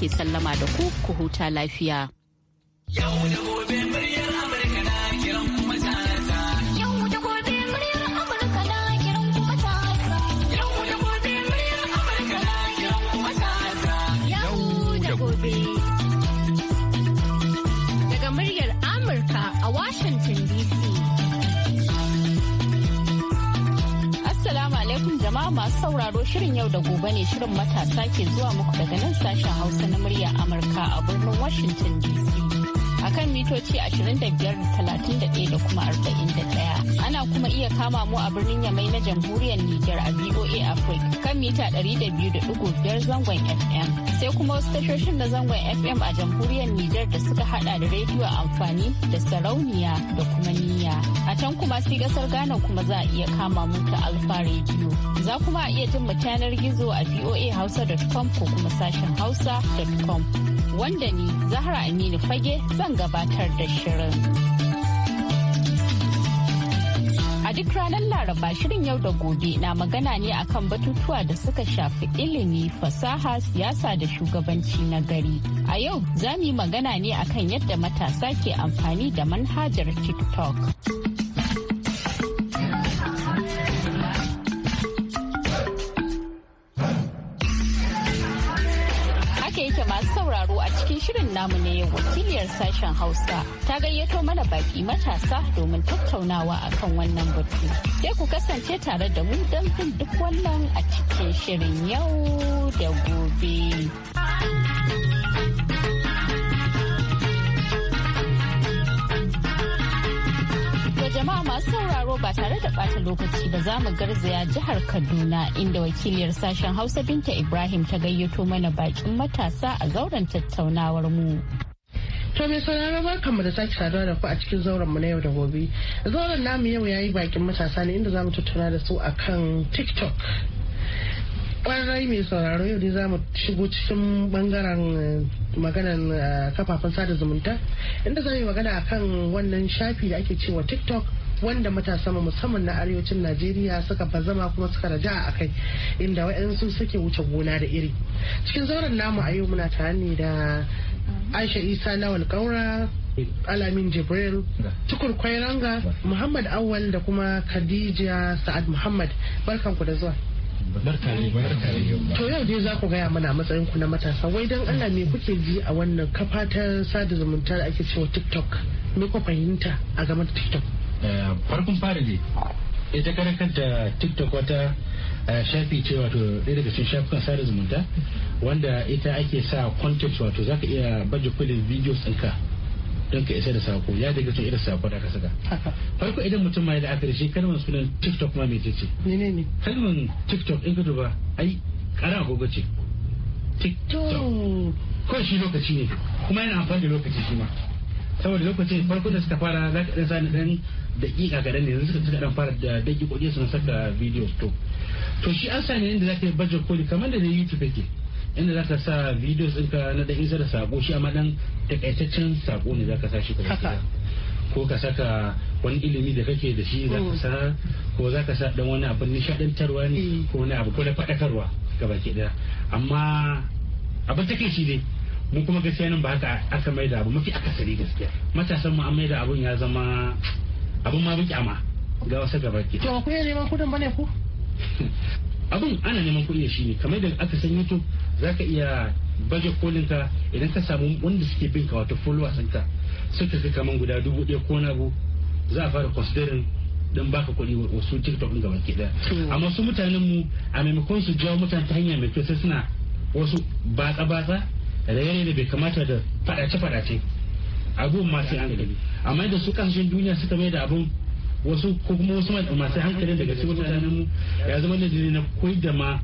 ke sallama da ku ku huta lafiya. Yau da gobe murya. masu sauraro shirin yau da gobe ne shirin matasa ke zuwa muku daga nan sashen hausa na murya amurka a birnin washington dc kan mitoci 25,31 da kuma 41. Ana kuma iya kama mu a birnin Yamai na jamhuriyar Nijar a VOA Africa kan mita 200.5 zangon FM. Sai kuma wasu tashoshin na zangon FM a jamhuriyar Nijar da suka hada da rediyo amfani da sarauniya da kuma niyya. A can kuma sai gasar Ghana kuma za a iya kama mu ta Alfa rediyo Za kuma a iya jin mu gizo a voahausa.com ko kuma sashen hausa.com. wanda ni Zahra Aminu Fage zan gabatar da shirin. A duk ranar Laraba shirin yau da gobe na magana ne akan batutuwa da suka shafi ilimi, fasaha, siyasa da shugabanci na gari. A yau za mu yi magana ne akan yadda matasa ke amfani da manhajar TikTok. shirin namu ne yau wakiliyar sashen Hausa ta gayyato mana baki matasa domin tattaunawa akan wannan batu. Sai ku kasance tare da mu don bin duk wannan a cikin shirin yau da gobe. jama'a masu sauraro ba tare da bata lokaci ba za mu garzaya jihar Kaduna inda wakiliyar sashen Hausa Binta Ibrahim ta gayyato mana bakin matasa a zauren tattaunawar mu. To mai sauraro barkan mu da sake saduwa da ku a cikin zauren mu na yau da gobe. Zauren namu yau yayi bakin matasa ne inda za mu tattauna da su akan TikTok. kwarai mai sauraro yau dai za mu shigo cikin bangaren eh, maganan eh, kafafen sada zumunta inda za mu magana akan wannan shafi da ake cewa tiktok wanda matasa musamman na arewacin najeriya suka bazama kuma suka raja a kai inda wa'yansu suke wuce gona da iri cikin zauren namu a yau muna tare ne da aisha isa lawal kaura alamin jibril tukur kwairanga muhammad awal da kuma khadija sa'ad muhammad barkanku da zuwa To yau dai za ku gaya mana a matsayin ku na matasa wai don Allah me kuke ji a wannan kafatar sada zumunta da ake cewa TikTok me ku fahimta a game da TikTok? farkon eh, fara ne ita kare kanta tiktok wata eh, shafi ce wato ɗaya daga cikin shafukan sada zumunta wanda ita ake sa content wato zaka iya baje kulin videos ɗinka don ka isa da sako ya daga cikin irin sako da ka saka farko idan mutum ma ya la'akari shi kalmar sunan tiktok ma mai ce menene kalmar tiktok in ka duba ai kara agogo ce tiktok kawai shi lokaci ne kuma yana amfani da lokaci shi ma saboda lokacin farko da suka fara za ka ɗan ɗan daƙiƙa kaɗan ne yanzu suka dan fara da daƙiƙoƙi suna saka video to to shi an sani inda zaka yi baje koli kamar da na youtube yake inda zaka sa videos ɗinka na da isa da sako shi amma dan takaitaccen sako ne zaka sa shi kuma ko ka saka wani ilimi da kake da shi za ka mm. sa ko za ka sa dan wani abu nishadantarwa ne mm. ko wani abu ko na faɗakarwa ga baki daya amma abin take shi ne mu kuma gaskiya nan ba haka aka maida abu mafi akasari gaskiya matasan mu an maida abun ya zama abun ma ruƙya ma ga wasu gabar ke to ku neman kudin bane ku Abun ana neman kuɗi shi ne kamar da aka san youtube za iya baje kolin ka idan ka samu wanda suke bin ka wato followers ɗinka suka kai kaman guda dubu ɗaya ko na za a fara considering don baka kuɗi wasu tiktok ɗin gabaki ɗaya amma su mutanen mu a maimakon su jawo mutane ta hanya mai kyau sai suna wasu batsa-batsa raye da bai kamata da faɗace-faɗace abun masu hankali amma da su kasashen duniya suka mai da abun wasu ko kuma wasu masu hankali daga cikin mutanen mu ya zama da na koyi da ma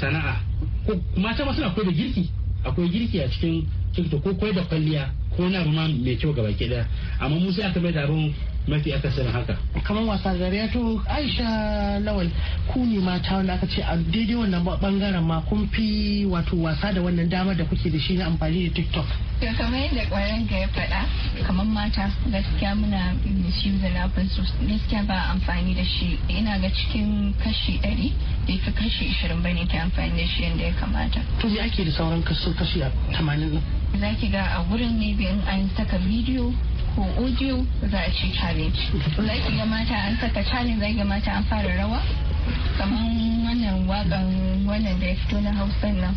sana'a ko kuma ta masu akwai da girki akwai girki a cikin cikin ko koyi da kwalliya ko na ma mai kyau gaba ke daya amma mu sai aka mai da abun mafi akasarin haka kamar wasa gari to aisha lawal ku ne mata wanda aka ce a daidai wannan bangaren ma kun fi wato wasa da wannan damar da kuke da shi na amfani da tiktok kamar yadda kwayan ga ya faɗa kamar mata gaskiya muna da labin su gaskiya ba amfani da shi ina ga cikin kashi ɗari da fi kashi ishirin ba ne ke amfani da shi yadda ya kamata to me ake da sauran kashi kashi tamanin nan za ki ga a wurin ne in an saka bidiyo ko audio za a ci challenge za ga mata an saka challenge za mata an fara rawa kamar wannan wakan wannan da ya fito na hausa nan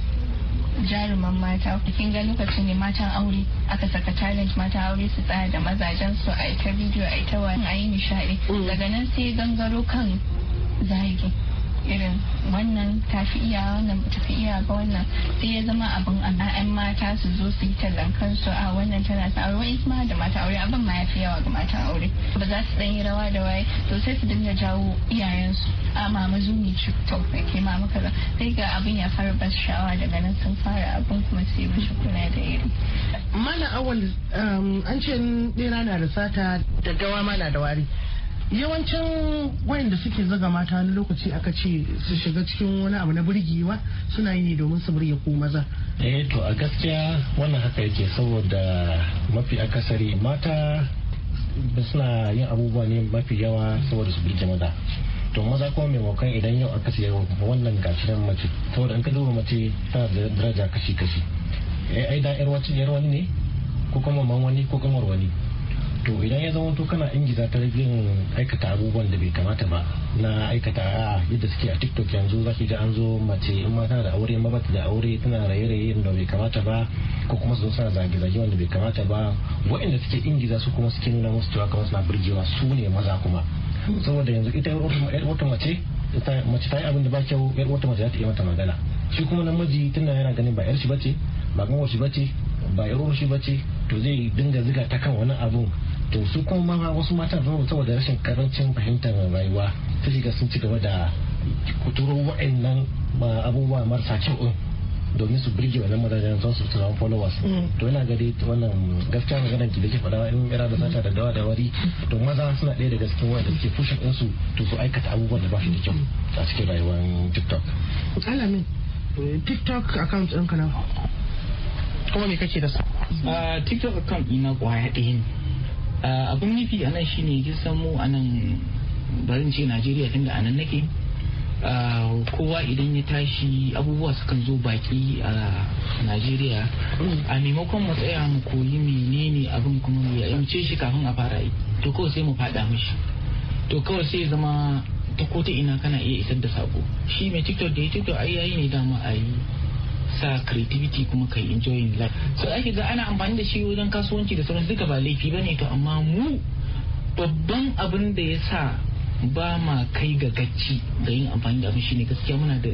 jaruman mata kin ga lokacin ne matan aure aka saka challenge mata aure su tsaya da mazajen su a ita video a ita wani a yi nishaɗi mm. daga nan sai gangaro kan zagi irin wannan tafi iya wannan tafi iya ga wannan sai ya zama abin an mata su zo su yi tallan kansu a ah, wannan tana sa aure kuma da mata aure abin ma ya fi yawa ga mata aure ba za su ɗan yi rawa da waye to sai su dinga jawo iyayensu a ah, mama zumi ci to ke mama kaza sai ga abin ya fara ba shawa daga nan sun fara abin kuma su yi mishi kuna da iri mana awal um, an ce ɗera na da sata da gawa mana da wari yawancin wayanda suke zaga mata wani lokaci aka ce su shiga cikin wani abu na burgewa suna yi ne domin su burge ko maza eh to a gaskiya wannan haka yake saboda mafi akasari mata suna yin abubuwa ne mafi yawa saboda su burge maza to maza kuma mai mokan idan yau aka siya wannan gashi nan mace saboda an ka duba mace tana daraja kashi kashi eh, ai da yar wani ne ko kuma man wani ko kamar wani to idan ya zama to kana ingiza ta yin aikata abubuwan da bai kamata ba na aikata a yadda suke a tiktok yanzu ki ga an zo mace in ma tana da aure ma bata da aure tana raye-raye da bai kamata ba ko kuma su suna zage-zage wanda bai kamata ba waɗanda suke ingiza su kuma suke nuna musu cewa kamar suna burgewa su ne maza kuma saboda yanzu ita yar wata mace mace ta yi abin da ba kyau yar wata mace za ta iya mata magana shi kuma namiji tana yana ganin ba yar shi bace ba kuma shi bace ba yar shi bace to zai dinga ziga ta kan wani abun to su kuma ma wasu matan zama saboda rashin karancin fahimtar rayuwa ta shiga sun ci gaba da kuturo wa'annan abubuwa marasa kyau domin su birge wannan mazajen zan su tunan followers mm. to yana gari wannan gaskiya maganar ki da ke faɗa in ira da sata da dawa da wari to maza suna ɗaya daga cikin wanda suke din su to su aikata abubuwan da ba shi da kyau a cikin rayuwar tiktok alamin tiktok account ɗin ka na kuma me kake da su ah, tiktok account ina kwaya ɗaya ne abin nufi a nan shine kin san mu a nan barin ce najeriya tunda a nan nake kowa idan ya tashi abubuwa sukan zo baki a najeriya a maimakon mu tsaya mu koyi menene abin kuma mu yayance shi kafin a fara yi to kawai sai mu fada mishi to kawai sai zama ta ko ina kana iya isar da sako shi mai tiktok da ya tiktok ai yayi ne dama a yi sa creativity kuma kai enjoying life so ake ga ana amfani da shi wajen kasuwanci da sauran duka ba laifi bane to amma mu babban abin da ya sa ba ma kai ga gacci ga yin amfani da abin shine gaskiya muna da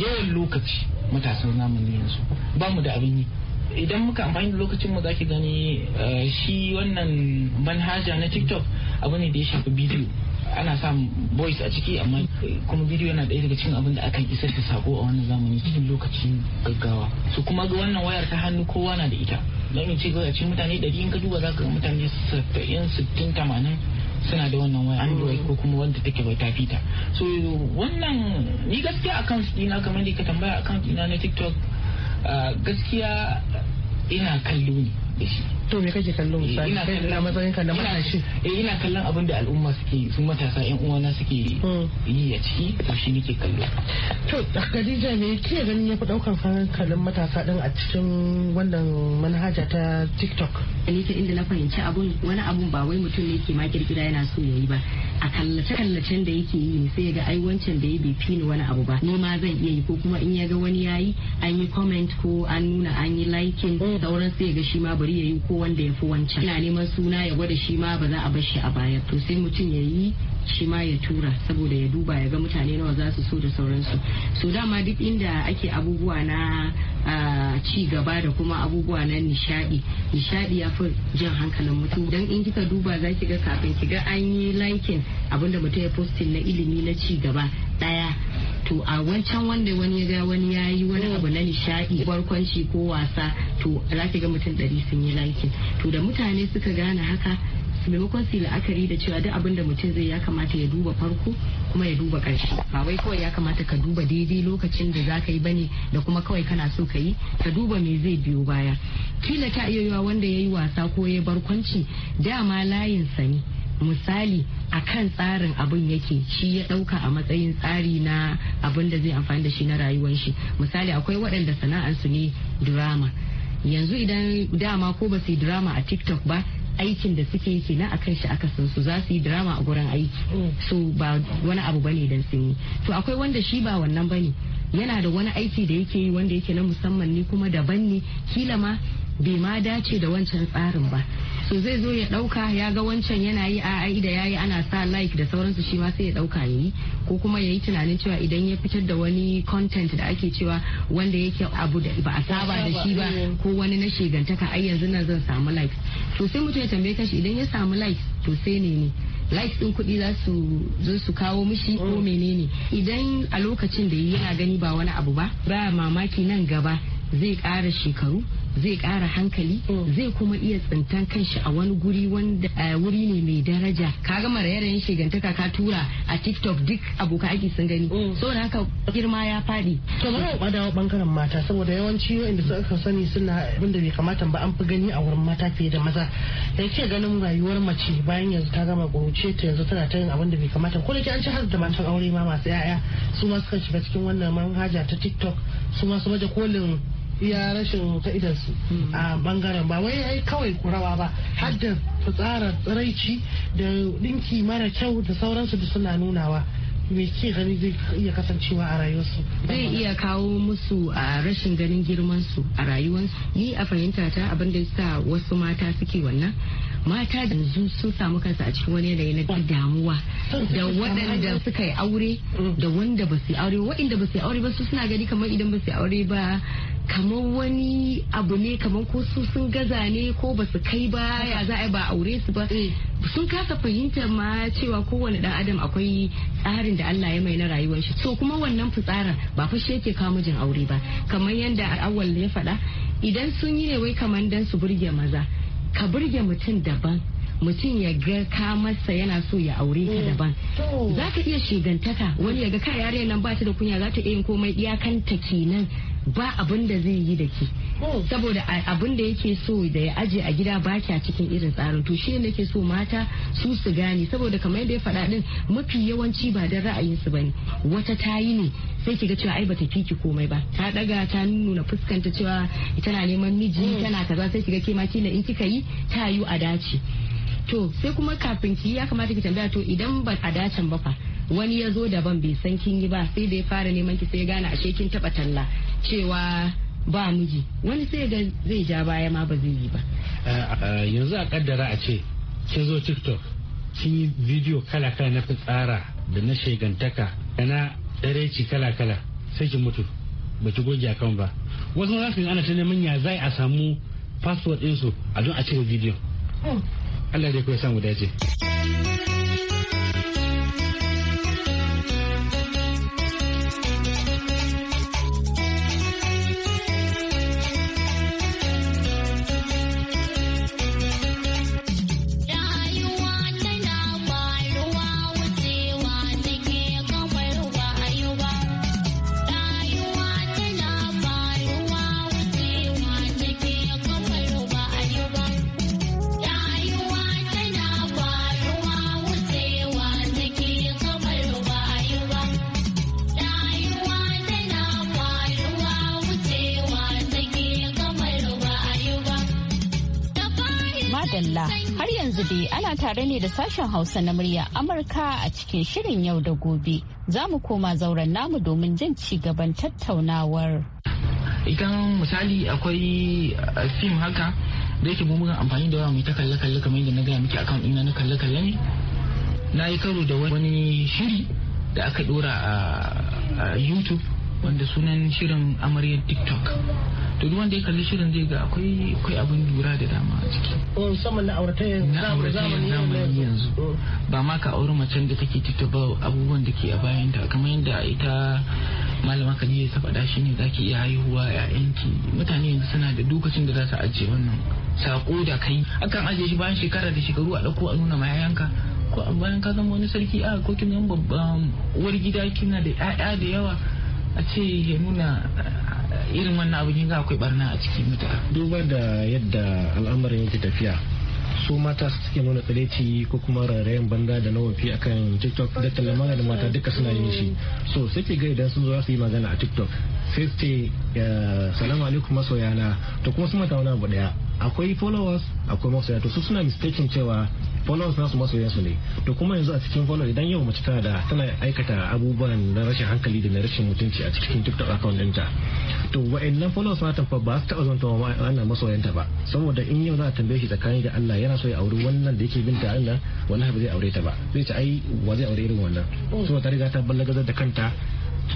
yawan lokaci matasan zamani yanzu ba mu da abin yi idan muka amfani da lokacin mu zaki gani eh, shi wannan manhaja na tiktok abu ne da ya shafi bidiyo ana sa voice a ciki amma kuma bidiyo yana ɗaya daga cikin abin da aka isar da sako a wannan zamani cikin lokacin gaggawa su kuma ga wannan wayar ta hannu kowa na da ita don in ce ga cikin mutane da in ka duba za ka ga mutane saba'in sittin tamanin suna da wannan waya android ko kuma wanda take bai tafi ta so wannan ni gaskiya account dina kamar da ka tambaya account dina na tiktok Ah, gaskiya ina kallo ne da shi to me kake kallo eh, ina kallon matsayin ka na matashi eh ina kallon abin da al'umma suke su matasa yan uwana suke hmm. yi a ciki to shi nake kallo to Khadija me kike ganin ya fi daukan hankalin matasa din a cikin wannan manhaja ta TikTok ni ta inda na fahimci abun wani abun ba wai mutum ne ke ma kirkira yana so yayi ba a kallace-kallacen da yake yi sai ya ga ai wancan da ya bai fi ni wani abu ba ni ma zan iya yi ko kuma in ya ga wani yayi an yi comment ko an nuna an yi liking hmm. sauran sai ya ga shi ma bari yayi ko wanda ya fi wancan ina neman suna ya gwada shi ma ba za a bar shi a baya to sai mutum ya yi shi ma ya tura saboda ya duba ya ga mutane nawa za su so da sauransu so dama duk inda ake abubuwa na ci gaba da kuma abubuwa na nishadi nishadi ya fi jan hankalin mutum dan in kika duba za ki ga kafin ki ga an yi likin abinda mutum ya postin na ilimi na ci gaba daya to a wancan wanda wani ya ga wani ya yi wani mm. abu na nishaɗi barkwanci ko wasa to za ki ga mutum ɗari sun yi lanki to da mutane suka gane haka maimakon su la'akari da cewa duk abin da mutum zai ya kamata ya duba farko kuma ya duba ƙarshe ba wai kawai ya kamata ka duba daidai lokacin da za ka yi bane da kuma kawai kana so ka yi ka duba me zai biyo baya kila ta iya wanda ya yi wasa ko ya barkwanci dama layin ne misali a kan tsarin abin yake shi ya ɗauka a matsayin tsari na abin da zai amfani da shi na rayuwar shi misali akwai waɗanda sana'arsu ne drama yanzu idan dama ko ba su yi drama a tiktok ba aikin da suke yi kenan akan shi aka san su za su yi drama a gurin aiki mm. so ba wani abu bane dan sun yi to akwai wanda shi ba wannan bane yana da wani aiki da yake yi wanda yake na musamman ne kuma daban ne kila ma bai ma dace da wancan tsarin ba to zai zo ya dauka ya ga wancan yana yi a ai da yayi ana sa like da sauransu shi ma sai ya dauka ne ko kuma yayi tunanin cewa idan ya fitar da wani content da ake cewa wanda yake abu da ba a saba da shi ba ko wani na shegantaka ai yanzu nan zan samu likes to sai mutum ya tambaye kashi idan ya samu likes to sai ne ne likes din kuɗi za su zo su kawo mishi ko mm. menene idan a lokacin da yana gani ba wani abu ba ba mamaki nan gaba zai kara shekaru zai kara hankali mm. zai kuma iya tsintan kanshi a wani guri wanda wuri ne mai daraja ka kaga marayaran shigantaka ka tura a tiktok duk aboka aiki sun gani mm. so na haka girma ya faɗi. to bari mu dawo bangaren mata saboda yawanci inda suka sani suna abin da bai kamata ba an fi gani a wurin mata fiye da maza da ce ganin rayuwar mace bayan yanzu ta gama ƙuruce ta yanzu tana ta yin abin da bai kamata ko da ke an ci har da matan aure ma masu 'ya'ya su ma suka shiga cikin wannan manhaja ta tiktok su ma su baje kolin iya rashin fa'idarsu a bangaren ba wai ai kawai kurawa ba har da tsara tsiraici da dinki mara kyau da sauransu da suna nunawa me ke gani zai iya kasancewa a rayuwarsu zai iya kawo musu a rashin ganin girmansu a rayuwarsu ni a fahimta ta abin da sa wasu mata suke wannan mata da yanzu sun samu kansu a cikin wani yanayi na damuwa da waɗanda suka yi aure da wanda ba su aure waɗanda ba su aure ba su suna gani kamar idan ba su aure ba kamar wani abu ne kamar ko su sun gaza ne ko ba su kai ba ya za a yi ba aure su ba sun kasa fahimtar ma cewa kowane dan adam akwai tsarin da Allah ya mai na rayuwar shi so kuma wannan fitsarin ba fa shi yake kawo mijin aure ba kamar yadda awal ya faɗa idan sun yi ne wai kamar dan su burge maza ka burge mutum daban mutum ya ga ka masa yana so ya aure ka mm. daban za ka iya shigantaka wani ya ga ka yare nan ba ta da kunya za ta iya yin komai iyakanta kenan ba abin da zai yi da ke saboda abin da yake so da ya aje a gida ba kya cikin irin tsarin to shi nake so mata su su gane saboda kamar yadda ya faɗa din mafi yawanci ba da ra'ayinsu ne wata ta yi ne sai ki ga cewa ai bata fiki komai ba ta daga ta nuna fuskanta cewa tana neman miji mm. tana kaza sai ki ga ke ma na in kika yi ta yi a dace to sai kuma kafin ki ya kamata ki tambaya to idan ba a dacen ba fa wani ya zo daban bai san kin yi ba sai da ya fara neman ki sai ya gane ashe kin taba talla cewa ba miji wani sai ga zai ja baya ma ba zai yi ba yanzu a kaddara a ce kin zo tiktok kin yi video kala kala na fitsara da na shegantaka da na tsareci kala kala sai ki mutu ba ki goge akan ba wasu za su yi ana ta neman ya zai a samu password ɗinsu a don a cire video. Oh. Allah dai kawai samu dace. tare ne da sashen Hausa na murya Amurka a cikin shirin yau da gobe. Za mu koma zauren namu domin jin ci gaban tattaunawar. Idan misali akwai eh, fim haka da yake mummugan amfani da yawa mai ta kalle-kalle kamar yadda na gaya miki akan ina na kalle-kalle ne. Na yi karo da wani shiri da aka dora a YouTube wanda sunan shirin amaryar TikTok. to duk wanda ya kalli shirin zai ga akwai akwai abin lura da dama a ciki musamman mm, na auratayya na zamani yanzu mm. ba ma ka auri macen da take ba abubuwan da ke a bayanta kamar yadda ita malama kadiya ta faɗa shi ne zaki iya haihuwa yayanki mutane yanzu suna da lokacin da za su ajiye wannan sako da kai akan ajiye shi bayan shekara da shekaru a ɗauko a nuna ma yayanka ko bayan ka zama wani sarki a ko kin babban uwar gida kina da 'ya'ya da yawa a ce ya nuna irin wannan abin ga akwai barna a cikin mita duba da yadda al'amarin yake tafiya su mata suke nuna tsireci ko kuma rairayin banza da na wafi akan tiktok da talamana da mata duka suna yin shi so sai ke ga idan sun zo su yi magana a tiktok sai su ce salamu alaikum masoyana to kuma su mata wani abu daya akwai followers akwai masoya to su suna mistakin cewa followers nasu masoyan su ne to kuma yanzu a cikin followers idan yau mace tana da tana aikata abubuwan na rashin hankali da na rashin mutunci a cikin TikTok account ɗinta to wa'annan followers nata fa ba su taɓa zonta wannan masoyanta ba saboda in yau za a tambaye shi tsakanin da Allah yana so ya auri wannan da yake binta Allah wallahi ba zai aure ta ba zai ce ai wa zai aure irin wannan so ta riga ta ballagazar da kanta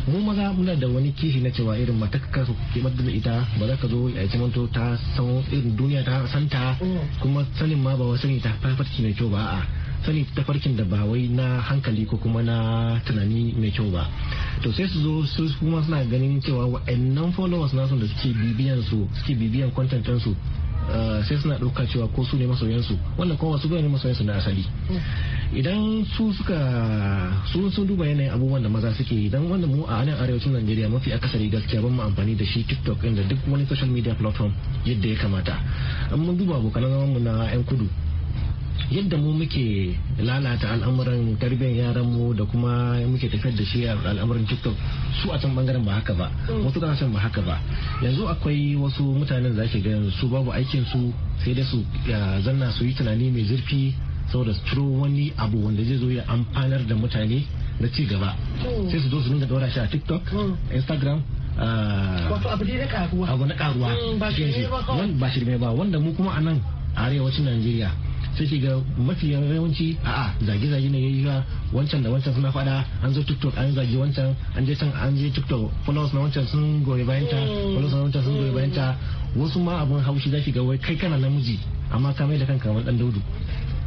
mu maza muna da wani kishi na cewa irin mata ka kimar da ita ba za ka zo a ita manto ta san irin duniya ta santa kuma sanin ma ba wasu ne ta farfarki mai kyau ba a sani tafarkin da ba wai na hankali ko kuma na tunani mai kyau ba to sai su zo su kuma suna ganin cewa wa'annan followers nasu da suke bibiyan su suke bibiyan kwantantansu Eh, sai suna ɗauka cewa ko su ne masoyansu wannan kuma wasu ne masoyansu na asali idan su suka su sun duba yanayin abubuwan da maza suke idan wanda mu a nan arewacin najeriya mafi akasari gaskiya ban mu amfani da shi tiktok inda duk wani social media platform yadda ya kamata amma duba abokan zaman mu na yan kudu yadda mu muke lalata al'amuran tarbiyyar yaran mu da kuma muke tafiyar da shi a al'amuran tiktok su a can bangaren ba haka ba mm. wasu san ba haka ba yanzu akwai wasu mutanen da zaki ganin su babu aikin su sai dai su zanna su yi tunani mai zurfi saboda su ciro wani abu wanda zai zo ya amfanar da mutane na ci gaba mm. sai su zo su dinga daura shi a tiktok mm. instagram wato abu ne karuwa na karuwa ba shirme ba wanda mu kuma a nan arewacin najeriya sai ke ga mafi yawanci a'a zage zage ne ya yi ga wancan da wancan suna fada an zo tiktok an zage wancan an je can an je tiktok followers na wancan sun gori bayan ta mm. followers na wancan sun gori bayan ta wasu ma abin haushi zaki ga wai kai kana namiji amma ka mai da kanka wani dan daudu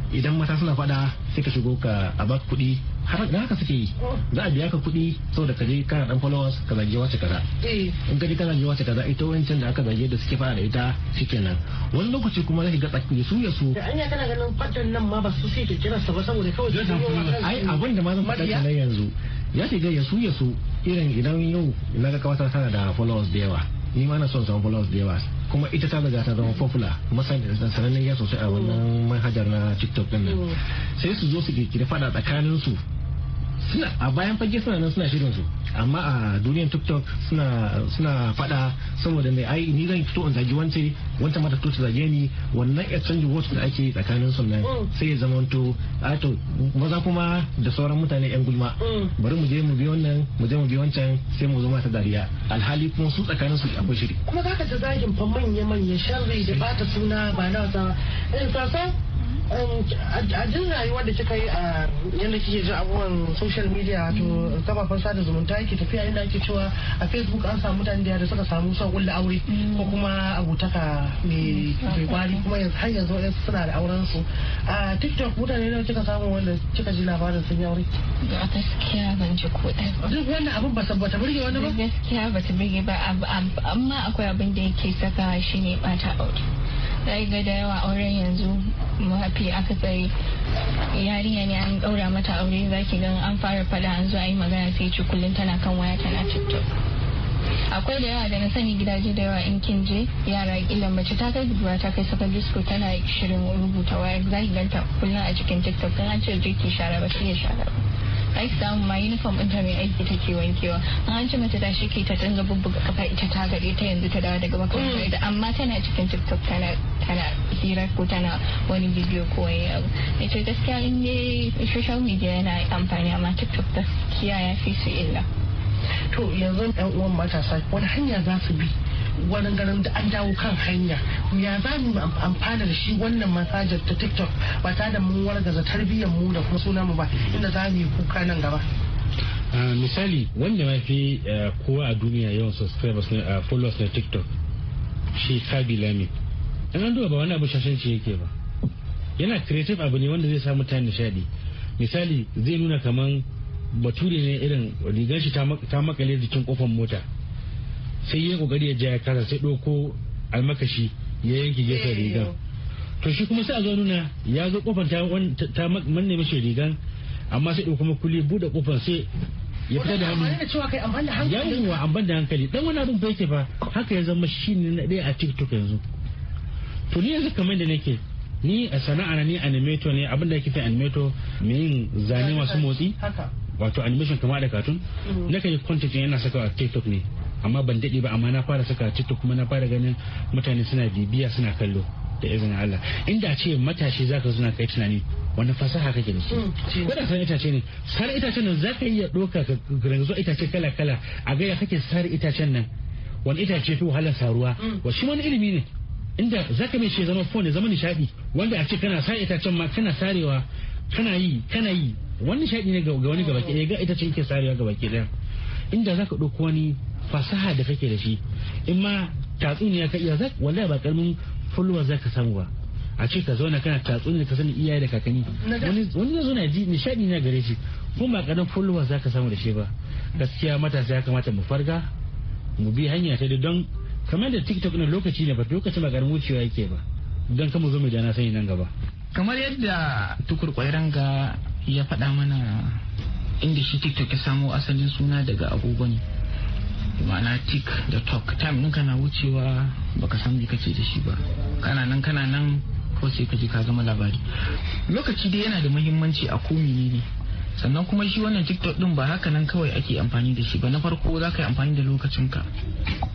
idan mata suna fada sai ka shigo ka a baka kuɗi har da haka suke yi za a biya ka kuɗi saboda ka je kana dan followers ka zage wace kaza eh. in ka je ka zage wace kaza ita wancan da aka zage da suke fara da ita shikenan wani lokaci kuma zai ga tsaki su ya su da anya kana ganin fadan nan ma ba su sai kira sa ba saboda kawai ai abin da ma zan faɗa kana yanzu ya shiga ya su ya su irin idan yau na ga kawata tana da followers da yawa ni ma na son samun followers da yawa kuma ita ta riga ta zama popular masana sanannen ya sosai a wannan manhajar na tiktok din nan sai su zo su kirkiri fada tsakanin su a bayan fage suna nan suna shirin su amma a duniyar tiktok suna suna fada saboda mai ai ni zan fito in zagi wance wanta mata to ta zage ni wannan canji wasu da ake tsakanin su nan mm. sai ya zamanto a to maza kuma da sauran mutane yan gulma mm. bari mu je mu bi wannan mu je mu bi wancan sai mu zo mata dariya alhali kuma su tsakanin su akwai shiri kuma zaka ji zagin fa manya manya sharri da bata suna ba na wasa eh, Um, Ajin jin rayuwar da kika yi a yadda kike ji abubuwan social media to kafafen sada zumunta yake tafiya yadda ake cewa a facebook an samu mutane da suka samu sauƙin da aure ko kuma abutaka mai kwari kuma har yanzu wadansu suna da auren su a tiktok mutane nawa kika samu wanda kika ji labarin sun yi aure a gaskiya ban ji ko ɗaya duk wannan abin ba ta burge wani ba gaskiya ba ta burge ba amma akwai abin da yake saka shine bata aure Sai ga da yawa auren yanzu mafi akasari yarinya ne an ɗaura mata aure za ki gan an fara faɗa an zo a yi magana sai ci kullum tana kan waya tana tiktok. akwai da yawa da na sani gidaje da yawa in kin je yara kila mace ta kai gudura ta kai saka school tana shirin rubuta waya za ki ganta kullum a cikin tiktok kan an ce je ki ba sai ya shara ba ai samun ma uniform din ta mai aiki take wankewa an ce mace ta shike ta dinga bubbuga kafa ita ta gare ta yanzu ta dawo daga makaranta mm. amma tana cikin tiktok tana tana hira ko tana wani bidiyo ko wani abu ita gaskiya in ne social media yana amfani amma tiktok gaskiya ya fi su illa to yanzu yan uwan matasa wani hanya za su bi wani garin da an dawo kan hanya ya za mu amfana da shi wannan masajar ta tiktok ba ta da mun wargaza tarbiyyar mu da kuma sunan mu ba inda za mu yi kuka nan gaba misali wanda mafi fi kowa a duniya yawan subscribers a followers na tiktok shi kabila ne ɗan duba ba wani abu shashanci yake ba yana creative abu ne wanda zai sa mutane nishadi misali zai nuna kaman bature ne irin rigar shi ta makale jikin kofar mota sai ya kokari ya jaya kasa sai ɗauko almakashi ya yanke gefen eh, rigar to shi kuma sai a zo nuna ya zo kofar ta manne mashi rigan amma sai ɗauko makuli buɗe kofar sai ya fita da hannu yi wa amban da hankali dan wani abin bai ke ba haka ya zama shi ne na ɗaya a tiktok yanzu to ni yanzu kamar da nake ni a sana'a na ni animator ne abinda yake fi animator mai yin zane masu motsi wato animation kama da katun mm-hmm. na kan yi content yana saka a tiktok ne amma ban daɗe ba amma na fara saka tiktok kuma na fara ganin mutane suna bibiya suna kallo da izini Allah inda ce matashi zaka zuna kai tunani wani fasaha kake da shi mm. ko san itace ne sar itacen nan zaka iya doka ka ranzo itace kala kala a gaya kake sar itacen nan wani itace fi wahalar saruwa mm. wa shi wani ilimi ne inda zaka mai ce zama phone zama nishadi wanda a ce kana sa itacen ma kana sarewa kana yi kana yi wani nishadi ne ga wani gaba ke ga ita ce yake sarewa gaba ke daya inda ka ɗauko wani fasaha da kake da shi in ma tatsuniya ka iya zak wallahi ba karamin fulwa ka samu ba a ce ka zauna kana tatsuniya ka sani iyaye da kakanni wani zai zo na ji nishadi na gare shi kuma ba karamin fulwa ka samu da shi ba gaskiya matasa ya kamata mu farga mu bi hanya ta don kamar da tiktok na lokaci ne ba lokacin ba wucewa yake ba don kama zo mu dana sai nan gaba kamar yadda tukur ranga ya faɗa mana inda shi tiktok ya samo asalin suna daga agogon ma'ana tik da tok time ɗin kana wucewa baka san me kake da shi ba kana nan kana nan ko sai ka ji ka zama labari lokaci dai yana da muhimmanci a ko menene sannan kuma shi wannan tiktok din ba haka nan kawai ake amfani da shi ba na farko za ka yi amfani da lokacinka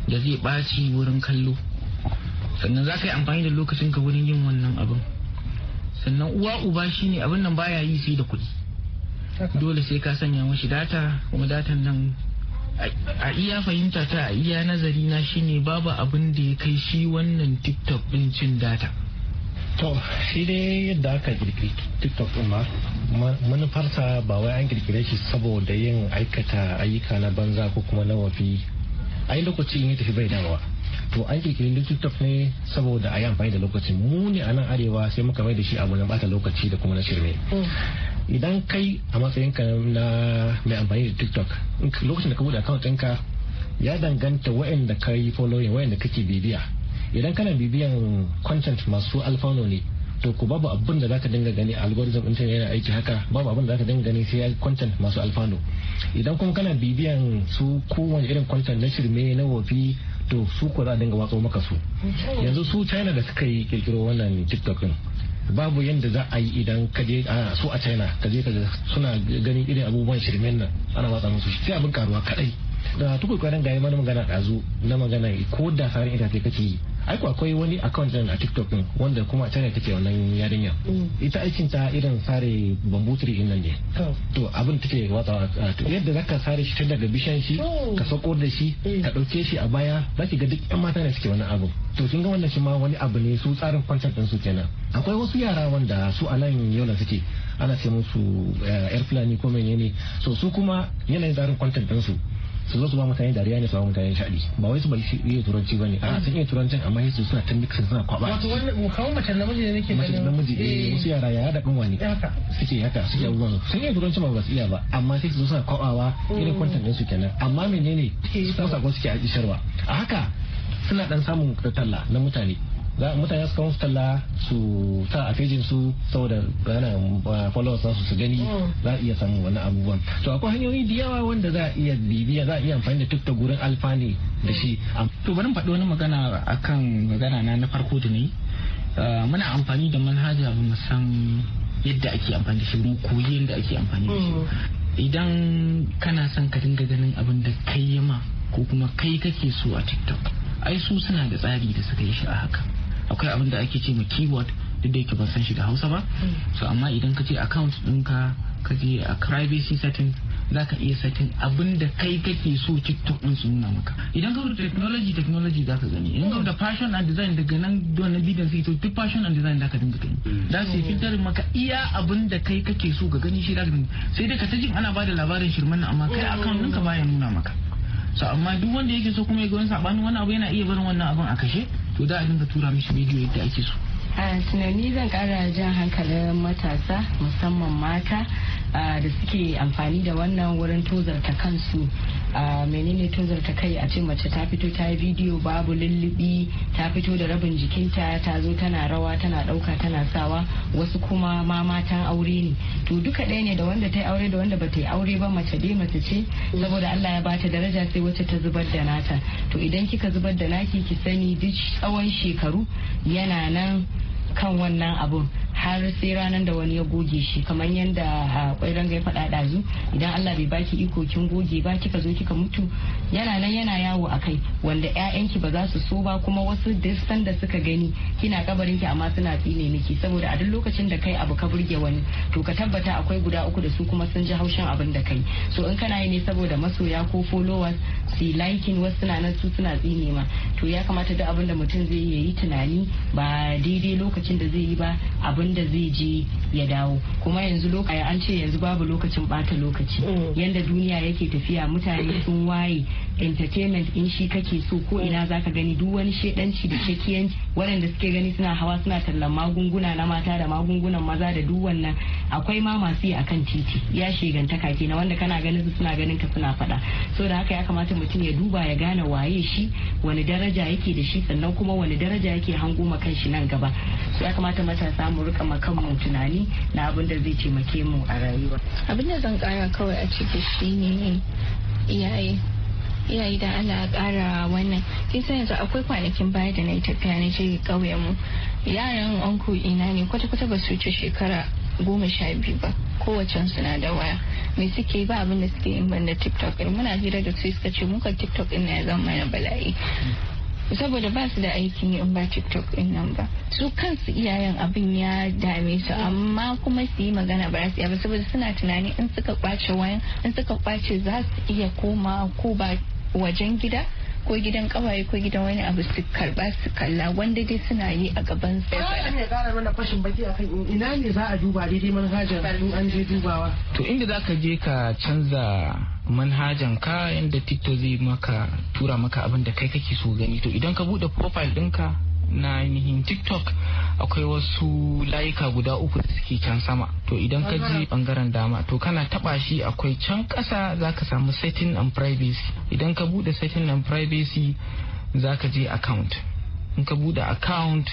da zai ɓaci wurin kallo sannan za ka yi amfani da lokacinka wurin yin wannan abin sannan uwa uba shi ne abin nan baya yi sai da kuɗi dole sai ka sanya mashi data kuma datan nan a iya fahimta ta a iya nazari na shine babu abin da ya kai shi wannan tiktok din cin data to shi dai yadda aka girgiri tiktok ma manufarsa ba wai an girgire shi saboda yin aikata ayyuka na banza ko kuma na wafi ai lokaci in ya tafi bai dawa to an kirkiri tiktok ne saboda a yi amfani da lokacin mu ne a nan arewa sai muka mai da shi abu na bata lokaci da kuma na shirme mm. idan kai a matsayinka na mai amfani da tiktok lokacin da ka bude account ɗinka ya danganta waɗanda ka yi following waɗanda kake bibiya idan kana bibiyan content masu alfano ne to ku babu abin da zaka dinga gani algorithm din yana aiki haka babu abin da zaka dinga gani sai ya content masu alfano idan kuma kana bibiyan su kowane irin content na shirme na wofi to su ko za dinga watsa maka su yanzu su china da suka yi kirkiro wannan tiktok din babu yadda za a yi idan ka je a su a china ka je ka suna ganin irin abubuwan shirmen nan ana watsa musu sai abin karuwa kadai da tukur kwanan ga yi mana magana ɗazu na magana ko da sarin itace kake yi aiko akwai wani account din a tiktok din wanda kuma tana take wannan yarinya mm. ita aikin ta irin sare bambutri din nan ne to abin take watsa yadda zaka sare shi tun daga bishan shi ka sako da shi mm. ka dauke shi a baya zaki ga duk yan mata ne suke wannan abu to kin ga wannan shi ma wani abu ne su tsarin kwantar din su kenan akwai wasu yara wanda su a nan yau suke ana ce musu yar eh, fulani ko menene so su kuma yanayin tsarin kwantar din su su zo su ba mutane dariya ne su ba mutane shaɗi ba wai su ba iya turanci ba ne a sun iya turancin amma su suna ta mix suna kwaba wato wani kawo macen namiji ne nake mace namiji ne eh, eh. wasu yara yara da kan wani suke haka suke abubuwan sun iya turanci ba ba su iya ba amma sai su zo suna kwabawa irin kwantan din su kenan amma menene su sakon suke a isharwa a haka suna dan samun talla na mutane mutane su kawo talla su sa a fejin su saboda yana uh, followers su su gani mm. za a iya samun wani abubuwan to akwai hanyoyi da yawa wanda za a iya bibiya za a iya amfani da tukta gurin alfani da shi to bari faɗi wani magana akan magana na na farko da ne uh, muna amfani da manhaja ba mu san yadda ake amfani da shi ko koyi yadda ake amfani da shi mm. idan kana son ka dinga ganin abin da kai yama ko kuma kai kake so a tiktok ai su suna da tsari da suka yi shi a haka akwai abin da ake ce ma keyword duk da yake ban san shi da hausa ba mm. so amma idan ka je account ɗinka ka je a privacy setting za ka iya setting abin da kai kake so tiktok ɗin su nuna maka idan ka da technology technology za ka gani idan ka da fashion and design daga nan wannan bidiyon sai to duk fashion and design za ka dinga gani mm. za su fitar maka iya abin da kai kake so ga gani shi da sai dai ka ta jin ana ba da labarin shirman nan amma kai account ɗinka ya nuna maka so amma duk wanda yake so kuma ya ga wani sabanin wani abu yana iya barin wannan abin a kashe to da a dinga tura mishi bidiyo yadda ake so a tunani zan kara jan hankalin matasa musamman mata da suke amfani da wannan wurin tozarta kansu menene tozarta kai a ce mace ta fito ta yi bidiyo babu lullubi ta fito da rabin jikinta ta zo tana rawa tana ɗauka tana sawa wasu kuma ma matan aure ne to duka ɗaya ne da wanda ta yi aure da wanda ba ta yi aure ba mace dai mace ce saboda Allah ya bata daraja sai wacce ta zubar da nata to idan kika zubar da naki ki sani duk tsawon shekaru yana nan kan wannan abun har sai ranar da wani ya goge shi kamar yadda akwai ranga ya faɗa ɗazu idan Allah bai baki iko kin goge ba kika zo kika mutu yana nan yana yawo a kai wanda ƴaƴanki ba za su so ba kuma wasu duk da suka gani kina kabarin ki amma suna tsine miki saboda a duk lokacin da kai abu ka burge wani to ka tabbata akwai guda uku da su kuma sun ji haushin abin da kai so in kana yi ne saboda masoya ko followers su liking wasu suna nan su suna tsine ma to ya kamata duk abin da mutum zai yi tunani ba daidai lokacin da zai yi ba abin inda zai je ya dawo kuma yanzu lokaci an ce yanzu babu lokacin bata lokaci mm. yanda duniya yake tafiya mutane mm. sun waye entertainment in shi kake so ko ina mm. zaka gani duk wani shedanci da shakiyanci waɗanda suke gani suna hawa suna tallan magunguna na mata da magungunan maza da duk wannan akwai ma masu yi akan titi ya shegantaka na wanda kana ganin su suna ganin ka suna faɗa so da haka ya kamata mutum ya duba ya gane waye shi wani daraja yake da shi sannan kuma wani daraja yake hango ma shi nan gaba so ya kamata matasa mu rika rika kanmu tunani na abin da zai taimake mu a rayuwa abin da zan kara kawai a ciki shine iyaye iyaye da Allah kara wannan kisa yanzu akwai kwanakin baya da na yi tafiya na je ƙauyen mu yaran anko ina ne kwata-kwata ba su wuce shekara goma sha biyu ba kowace suna da waya me suke ba abin da suke yin banda tiktok muna hira da su suka ce muka tiktok ina ya zama mana bala'i saboda ba su da aikin yi in ba tiktok in nan ba su kansu iyayen abin ya dame su amma kuma su yi magana ba su ba saboda suna tunani in suka kwace wayan in suka kwace za su iya koma ko ba wajen gida ko gidan kawaye ko gidan wani abu su karba su kalla wanda dai suna yi a gaban su ya kara mana fashin baki akan ina ne za a duba daidai manhajar in an je dubawa to inda za ka je ka canza manhajan ka yadda tiktok zai maka tura maka abin da kai kake so gani to idan ka bude profile ɗinka na ainihin tiktok akwai wasu layuka guda uku da suke can sama to idan ka je bangaren dama to kana taba shi akwai can kasa zaka samu setting and privacy idan ka bude setting and privacy zaka je account in ka bude account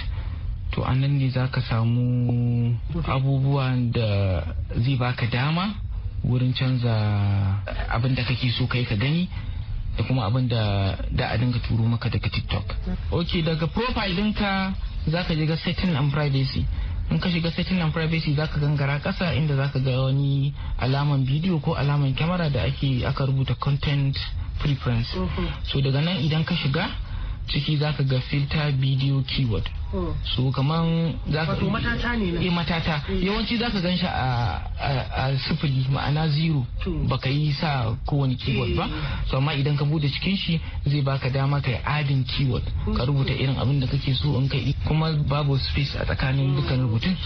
to anan ne za ka samu abubuwa da zai baka dama wurin canza abin da kake so kai ka gani da kuma abin da da a dinga turo maka daga tiktok ok daga profile dinka za ka ga setting and privacy in ka shiga setting and privacy za ka gangara ƙasa inda za ka ga wani alaman bidiyo ko alaman kyamara da ake aka rubuta content preference mhm. so daga nan idan ka shiga ciki za ka ga filter video keyword su kaman za ka matata ne na eh, matata eh. yawanci za ka gan shi a sifili ma'ana zero baka yi sa kowane keyword ba eh. so amma idan ka bude cikin shi zai baka dama kai adin keyword ka rubuta irin abin da kake so in kai kuma babu space a tsakanin mm. dukkan rubutun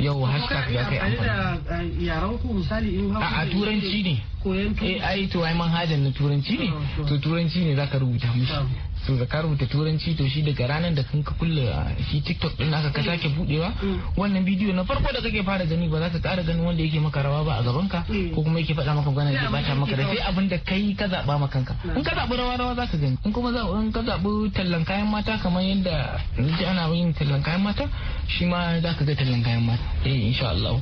yau hashtag za ka yi amfani turanci ne ai to ai manhajan na turanci ne oh, to turanci ne za ka rubuta mishi oh. to ka rubuta turanci to shi daga ranar da kanka ka kulle ah, shi tiktok din aka ka mm. sake budewa mm. wannan bidiyo na farko da kake fara gani ba za ka kara gani wanda yake maka rawa ba a gaban ka mm. ko kuma yake faɗa maka gwanan ba bata maka da sai abin da kai ka zaba ma kanka in ka zabi rawa rawa za ka gani in kuma in ka zabi tallan kayan mata kamar yadda nake ana yin tallan kayan mata shi ma za ka ga tallan kayan mata eh insha Allah.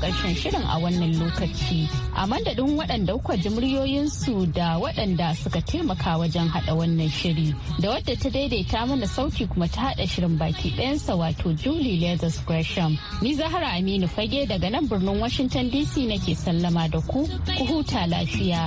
karshen shirin a wannan lokaci. A madadin waɗanda kuka ji muryoyinsu da waɗanda suka taimaka wajen haɗa wannan shiri da wadda ta daidaita mana sauti kuma ta haɗa shirin baki ɗayansa wato Julie Leathers Gresham. Ni Zahara Aminu Fage daga nan birnin Washington DC nake sallama da ku, ku huta lafiya.